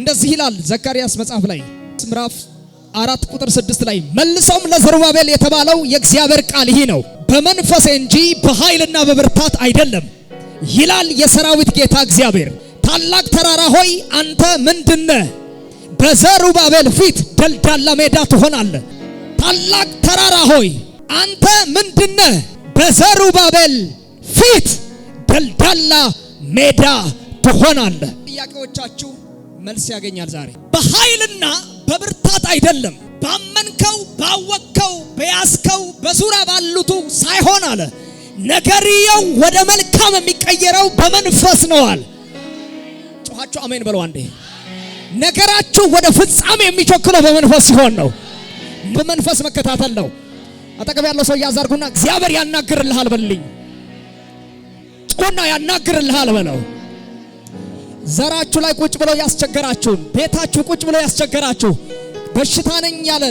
እንደዚህ ይላል ዘካርያስ መጽሐፍ ላይ ምዕራፍ አራት ቁጥር ስድስት ላይ መልሰውም ለዘሩባቤል የተባለው የእግዚአብሔር ቃል ይህ ነው፣ በመንፈሴ እንጂ በኃይልና በብርታት አይደለም ይላል የሰራዊት ጌታ እግዚአብሔር። ታላቅ ተራራ ሆይ አንተ ምንድነ? በዘሩባቤል ፊት ደልዳላ ሜዳ ትሆናለህ። ታላቅ ተራራ ሆይ አንተ ምንድነ? በዘሩባቤል ፊት ደልዳላ ሜዳ ትሆናለህ። ጥያቄዎቻችሁ መልስ ያገኛል። ዛሬ በኃይልና በብርታት አይደለም፣ ባመንከው፣ ባወቅከው፣ በያዝከው በዙሪያ ባሉቱ ሳይሆን አለ ነገርየው ወደ መልካም የሚቀየረው በመንፈስ ነው አለ። ጮኻችሁ አሜን በለው አንዴ። ነገራችሁ ወደ ፍጻሜ የሚቸኩለው በመንፈስ ሲሆን ነው። በመንፈስ መከታተል ነው። አጠገብ ያለው ሰው እያዛርጉና እግዚአብሔር ያናግርልሃል በልኝ ጮና ያናግርልሃል በለው ዘራችሁ ላይ ቁጭ ብለው ያስቸገራችሁን፣ ቤታችሁ ቁጭ ብለው ያስቸገራችሁ፣ በሽታ ነኝ ያለ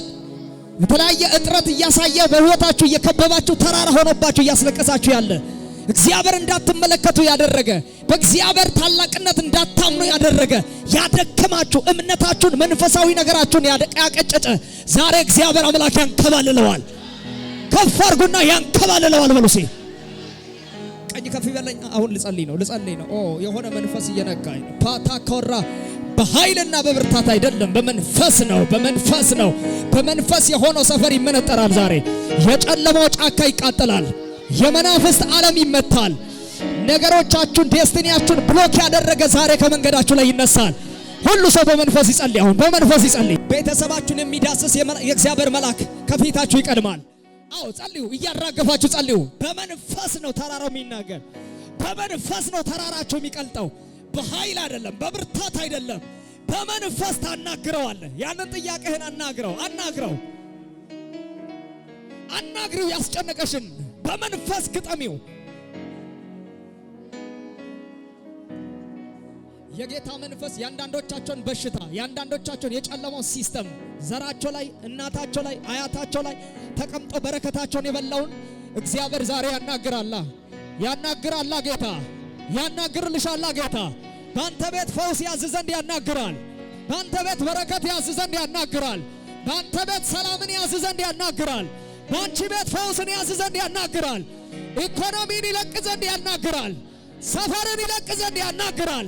የተለያየ እጥረት እያሳየ በህይወታችሁ እየከበባችሁ ተራራ ሆኖባችሁ እያስለቀሳችሁ ያለ እግዚአብሔር እንዳትመለከቱ ያደረገ በእግዚአብሔር ታላቅነት እንዳታምኑ ያደረገ ያደከማችሁ እምነታችሁን መንፈሳዊ ነገራችሁን ያቀጨጨ ዛሬ እግዚአብሔር አምላክ ያንከባልለዋል። ከፍ አድርጉና ያንከባልለዋል በሉሴ ቀኝ ከፍ ይበለኝ። አሁን ልጸልይ ነው ልጸልይ ነው። ኦ የሆነ መንፈስ እየነካኝ ነው። ፓታ ኮራ በኃይልና በብርታት አይደለም፣ በመንፈስ ነው፣ በመንፈስ ነው። በመንፈስ የሆነው ሰፈር ይመነጠራል። ዛሬ የጨለማው ጫካ ይቃጠላል። የመናፍስት ዓለም ይመታል። ነገሮቻችሁን፣ ዴስቲኒያችሁን ብሎክ ያደረገ ዛሬ ከመንገዳችሁ ላይ ይነሳል። ሁሉ ሰው በመንፈስ ይጸልይ። አሁን በመንፈስ ይጸልይ። ቤተሰባችሁን የሚዳስስ የእግዚአብሔር መልአክ ከፊታችሁ ይቀድማል። አዎ ጸልዩ፣ እያራገፋችሁ ጸልዩ። በመንፈስ ነው ተራራው የሚናገር፣ በመንፈስ ነው ተራራቸው የሚቀልጠው። በኃይል አይደለም፣ በብርታት አይደለም። በመንፈስ ታናግረዋለህ። ያንን ጥያቄህን አናግረው፣ አናግረው፣ አናግሪው። ያስጨነቀሽን በመንፈስ ግጠሚው። የጌታ መንፈስ የአንዳንዶቻቸውን በሽታ የአንዳንዶቻቸውን የጨለማውን ሲስተም ዘራቸው ላይ እናታቸው ላይ አያታቸው ላይ ተቀምጦ በረከታቸውን የበላውን እግዚአብሔር ዛሬ ያናግራላ ያናግራላ ጌታ ያናግርልሻላ ጌታ ባንተ ቤት ፈውስ ያዝ ዘንድ ያናግራል። ባንተ ቤት በረከት ያዝ ዘንድ ያናግራል። ባንተ ቤት ሰላምን ያዝ ዘንድ ያናግራል። ባንቺ ቤት ፈውስን ያዝ ዘንድ ያናግራል። ኢኮኖሚን ይለቅ ዘንድ ያናግራል። ሰፈርን ይለቅ ዘንድ ያናግራል።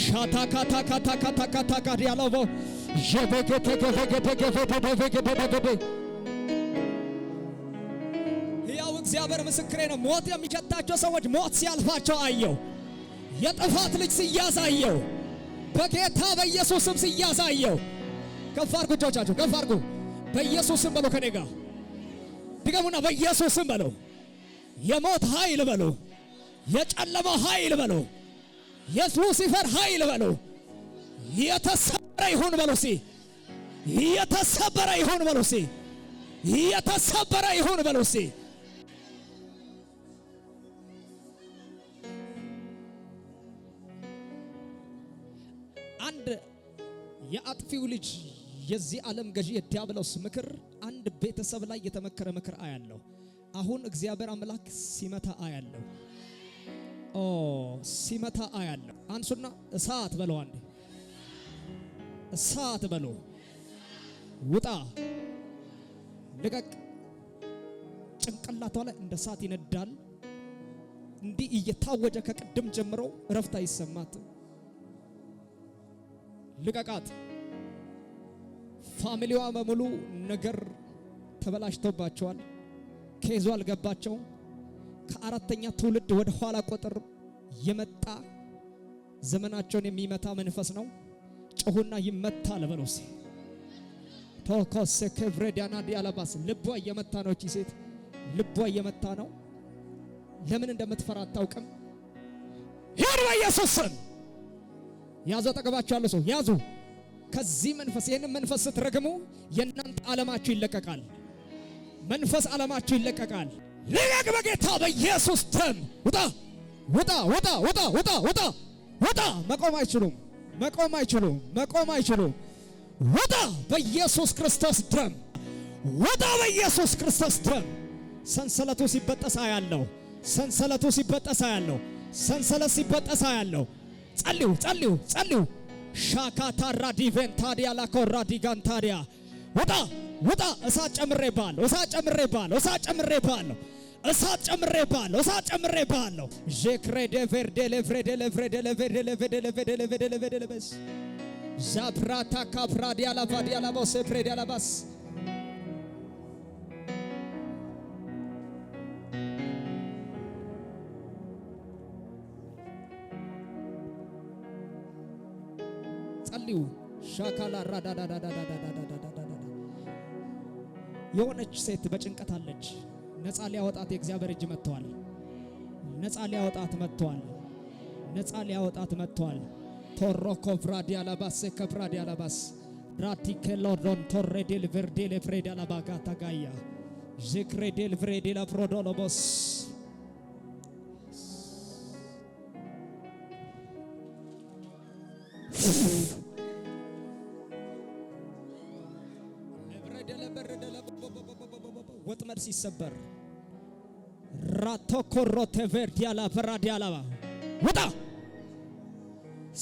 ሻታካታካታካታካዲያላቦ ዠበገተገበገበገበገበገበ ያው እግዚአብሔር ምስክሬ ነው። ሞት ሰዎች ሞት ሲያልፋቸው አየው። የጥፋት ልጅ ሲያዝ በጌታ በኢየሱስም ሲያዝ ከፍ አድርጉ፣ እጆቻችሁ ከፍ አድርጉ። በኢየሱስም በለው፣ ከኔ ጋር ድገሙና፣ በኢየሱስም በለው፣ የሞት ኃይል በለው፣ የጨለማ ኃይል በለው የሉሲፈር ኃይል በለው የተሰበረ ይሁን በለው ሲ የተሰበረ ይሁን በለው ሲ የተሰበረ ይሁን በለው ሲ አንድ የአጥፊው ልጅ የዚህ ዓለም ገዢ የዲያብሎስ ምክር አንድ ቤተሰብ ላይ የተመከረ ምክር አያለሁ። አሁን እግዚአብሔር አምላክ ሲመታ አያለሁ። ሲመታ አያለሁ። አንሱና እሳት በለው፣ አንዴ እሳት በለው። ውጣ፣ ልቀቅ። ጭንቅላቷ ላይ እንደ እሳት ይነዳል። እንዲህ እየታወጀ ከቅድም ጀምሮ እረፍት አይሰማት። ልቀቃት። ፋሚሊዋ በሙሉ ነገር ተበላሽቶባቸዋል። ኬዟ አልገባቸው ከአራተኛ ትውልድ ወደ ኋላ ቁጥር የመጣ ዘመናቸውን የሚመታ መንፈስ ነው። ጮሁና ይመታ ለበሎሴ ቶኮስ ከብረዳና ዲያላባስ ልቧ እየመታ ነው። እቺ ሴት ልቧ እየመታ ነው። ለምን እንደምትፈራ አታውቅም። ሄድ በኢየሱስ ያዙ። አጠገባችሁ ያለ ሰው ያዙ። ከዚህ መንፈስ ይህንን መንፈስ ስትረግሙ የእናንተ ዓለማችሁ ይለቀቃል። መንፈስ ዓለማችሁ ይለቀቃል። ልቀቅ በጌታ በኢየሱስ ደም ውጣ ውጣ ውጣ ውጣ ውጣ ውጣ ውጣ መቆም አይችሉም መቆም አይችሉም መቆም አይችሉም ውጣ በኢየሱስ ክርስቶስ ደም ውጣ በኢየሱስ ክርስቶስ ደም ሰንሰለቱ ሲበጠሳ ያለው ሰንሰለቱ ሲበጠሳ ያለው ሰንሰለት ሲበጠሳ ያለው ጸልዩ ጸልዩ ጸልዩ ሻካታ ራዲቬን ታዲያ ላኮራ ዲጋን ታዲያ ውጣ ውጣ እሳት ጨምሬብሃለሁ እሳት ጨምሬብሃለሁ እሳት ጨምሬብሃለሁ እሳት ጨምሬብሃለሁ፣ እሳት ጨምሬብሃለሁ። ዤክሬደ ቬርዴ ለፍሬዴ ለፍሬዴ ለፌዴ ለፌዴ ለፌዴ ለፌዴ ለፌዴ ለበስ ዛፕራታ ካፕራዲ አላፋ ዲያላቦ ሴፍሬዲ አላባስ ጸልዩ ሻካላ ራዳዳዳዳዳዳዳዳዳ የሆነች ሴት በጭንቀት አለች። ነፃ ሊያወጣት የእግዚአብሔር እጅ መጥተዋል። ነፃ ሊያወጣት መጥተዋል። ነፃ ሊያወጣት መጥተዋል። ቶሮኮ ፍራዲ አላባስ ከፍራዲ አላባስ ራቲከ ቶሬ ዴል ቨርዴ ለፍሬድ አላባጋ ታጋያ ዥክሬ ዴል ፍሬድ ለፍሮዶሎቦስ ወጥመድ ሲሰበር ራቶኮሮቴቬርዲያላ ቨራዲያላባ ውጣ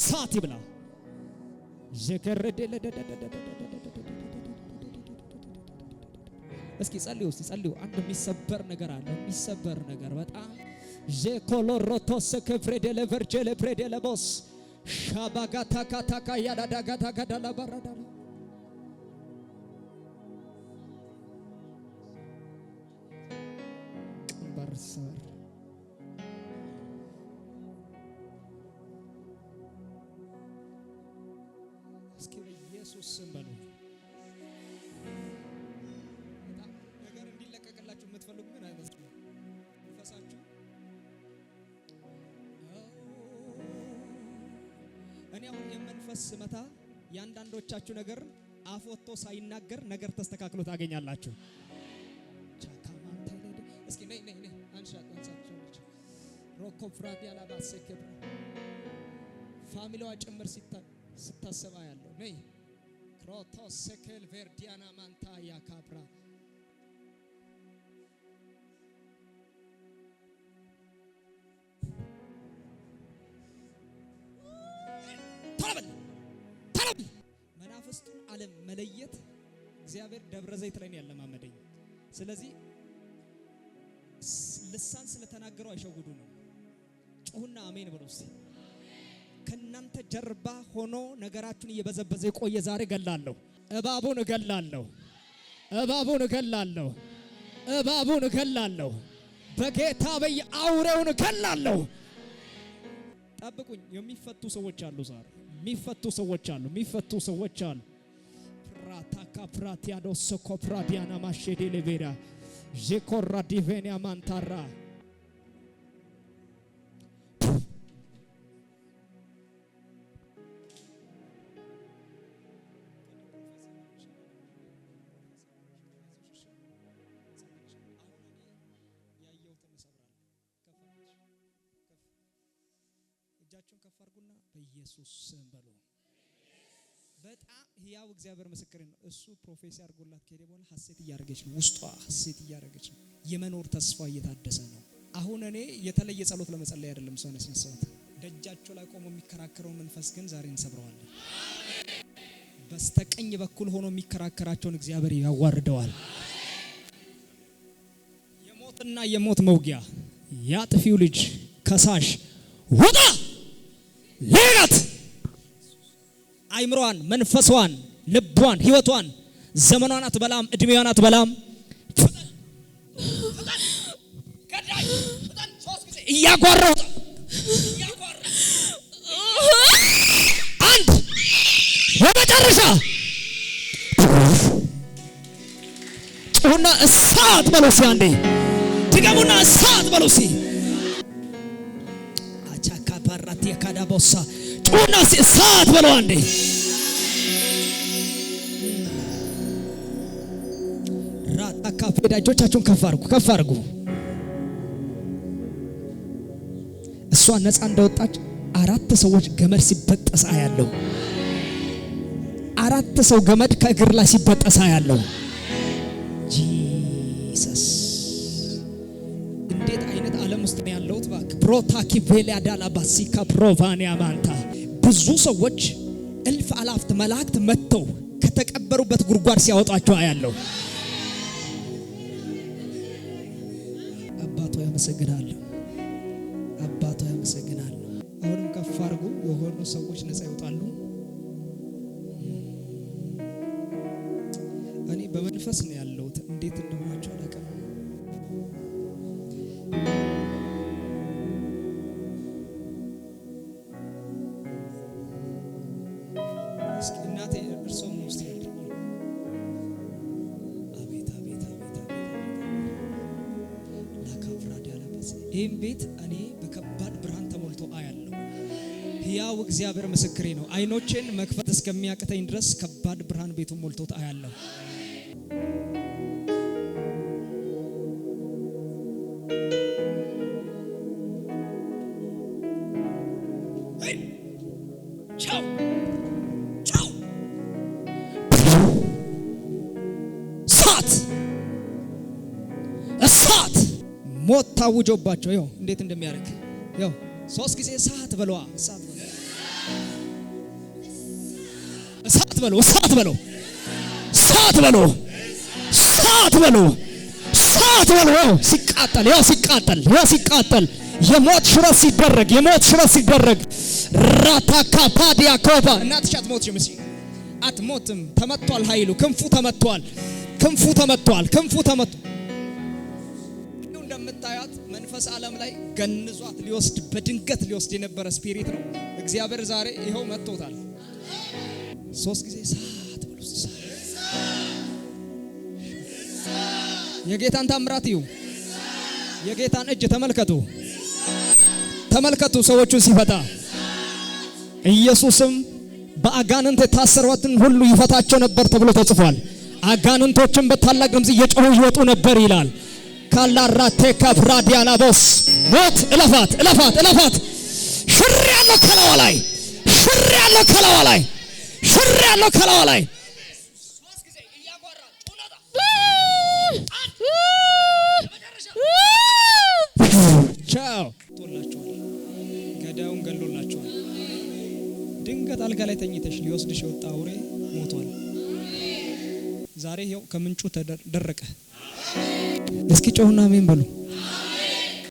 ሳት ይብላ ጀከረደለ እስኪ ጸልዩ፣ እስኪ ጸልዩ። አንድ የሚሰበር ነገር አለ፣ የሚሰበር ነገር በጣም ጀኮሎሮቶስ ከፍሬደለ ቨርጀለ ፍሬደለ ቦስ ሻባጋታካታካ ያዳዳጋታጋዳላ ባራዳላ እኔ አሁን የመንፈስ ስመታ የአንዳንዶቻችሁ ነገር አፍ ወጥቶ ሳይናገር ነገር ተስተካክሎ ታገኛላችሁ። ሮኮፍራዲ ያላባሰክብ ፋሚሊዋ ጭምር ስታሰባ ያለው ነይ ክሮቶስ ሴክል ቬርዲያና ማንታ ዓለም መለየት እግዚአብሔር ደብረ ዘይት ላይ ነው ያለማመደኝ። ስለዚህ ልሳን ስለተናገረው አይሸውዱ ነው። ጩሁና አሜን ብሎ እስቲ ከእናንተ ጀርባ ሆኖ ነገራችሁን እየበዘበዘ የቆየ ዛሬ እገላለሁ፣ እባቡን እገላለሁ፣ እባቡን እገላለሁ፣ እባቡን እገላለሁ፣ በጌታ በይ አውሬውን እገላለሁ። ጠብቁኝ። የሚፈቱ ሰዎች አሉ፣ ዛሬ የሚፈቱ ሰዎች አሉ፣ የሚፈቱ ሰዎች አሉ። ታካፕራቲያዶሶ ኮፕራዲያና ማሼዴ ሌቬራ ዤኮራ ዲቬኒያ ማንታራ እጃቸውን ከፍ አድርጉና በኢየሱስ ስም በሉ። በጣም ህያው እግዚአብሔር ምስክር ነው። እሱ ፕሮፌሲ አድርጎላት ከሄደ በኋላ ሀሴት እያደረገች ነው። ውስጧ ሀሴት እያደረገች ነው። የመኖር ተስፋ እየታደሰ ነው። አሁን እኔ የተለየ ጸሎት ለመጸለይ አይደለም ሰው ያስነሳሁት። ደጃቸው ላይ ቆሞ የሚከራከረው መንፈስ ግን ዛሬ እንሰብረዋለን። በስተቀኝ በኩል ሆኖ የሚከራከራቸውን እግዚአብሔር ያዋርደዋል። የሞትና የሞት መውጊያ ያጥፊው ልጅ ከሳሽ ውጣ አይምሮዋን፣ መንፈሷን፣ ልቧን፣ ህይወቷን፣ ዘመኗን አትበላም፣ እድሜዋን አትበላም። እያጓራው አንድ በመጨረሻ ጩሁና እሳት በሎሲ አንዴ ድገሙና እሳት በሎሲ አቻካ ባራት ጩሁና እሳት በለው አንዴ ከፍ እጆቻችሁን ከፍ ከፍ እሷ ነፃ እንደወጣች አራት ሰዎች ገመድ ሲበጠስ ያለው አራት ሰው ገመድ ከእግር ላይ ሲበጠስ ያለው ጂሰስ እንዴት አይነት ዓለም ውስጥ ነው ያለሁት? እባክህ ፕሮታኪ ቬሊያ ዳላባሲ ከፕሮቫኒያ ማንታ ብዙ ሰዎች እልፍ አላፍት መላእክት መጥተው ከተቀበሩበት ጉድጓድ ሲያወጣቸው አያለሁ። አመሰግናለሁ አባቶ አመሰግናለሁ። አሁንም ከፍ አድርጎ የሆኑ ሰዎች ነፃ ይወጣሉ። እኔ በመንፈስ ነው ያለሁት እንዴት ይህም ቤት እኔ በከባድ ብርሃን ተሞልቶ አያለሁ። ሕያው እግዚአብሔር ምስክሬ ነው። አይኖቼን መክፈት እስከሚያቅተኝ ድረስ ከባድ ብርሃን ቤቱን ሞልቶት አያለሁ። ሞት ታውጆባቸው ይኸው እንዴት እንደሚያደርግ ይኸው ሶስት ጊዜ እሳት በለዋ እሳት በለዋ እሳት በለው እሳት በለው እሳት በለው እሳት በለው እሳት በለው ይኸው ሲቃጠል ይኸው ሲቃጠል ይኸው ሲቃጠል የሞት ሽረት ሲደረግ የሞት ሽረት ሲደረግ ራታካ ፓዲያ ኮባ እናትሽ አትሞትሽም እሺ አትሞትም ተመቷል ኃይሉ ክንፉ ተመቷል ክንፉ ተመቷል ክንፉ ተመቷል በመንፈስ ዓለም ላይ ገንዟት ሊወስድ በድንገት ሊወስድ የነበረ ስፒሪት ነው። እግዚአብሔር ዛሬ ይኸው መጥቶታል። ሶስት ጊዜ እሳት ብሎ የጌታን ታምራት እዩ። የጌታን እጅ ተመልከቱ፣ ተመልከቱ ሰዎቹን ሲፈታ ኢየሱስም በአጋንንት የታሰሯትን ሁሉ ይፈታቸው ነበር ተብሎ ተጽፏል። አጋንንቶችን በታላቅ ድምፅ እየጮሁ ይወጡ ነበር ይላል። ካላራቴ ከፍራዲያናቦስ ሞት እለፋት እለፋት እለፋት ሽር ያለው ከለዋ ላይ ሽር ያለው ከለዋ ላይ ሽር ያለው ከለዋ ላይ ገዳዩን ገሎላቸዋል ድንገት አልጋ ላይ ተኝተሽ ሊወስድሽ የወጣ አውሬ ሞቷል። ዛሬ ይኸው ከምንጩ ተደረቀ እስኪ ጮሁና አሜን በሉ።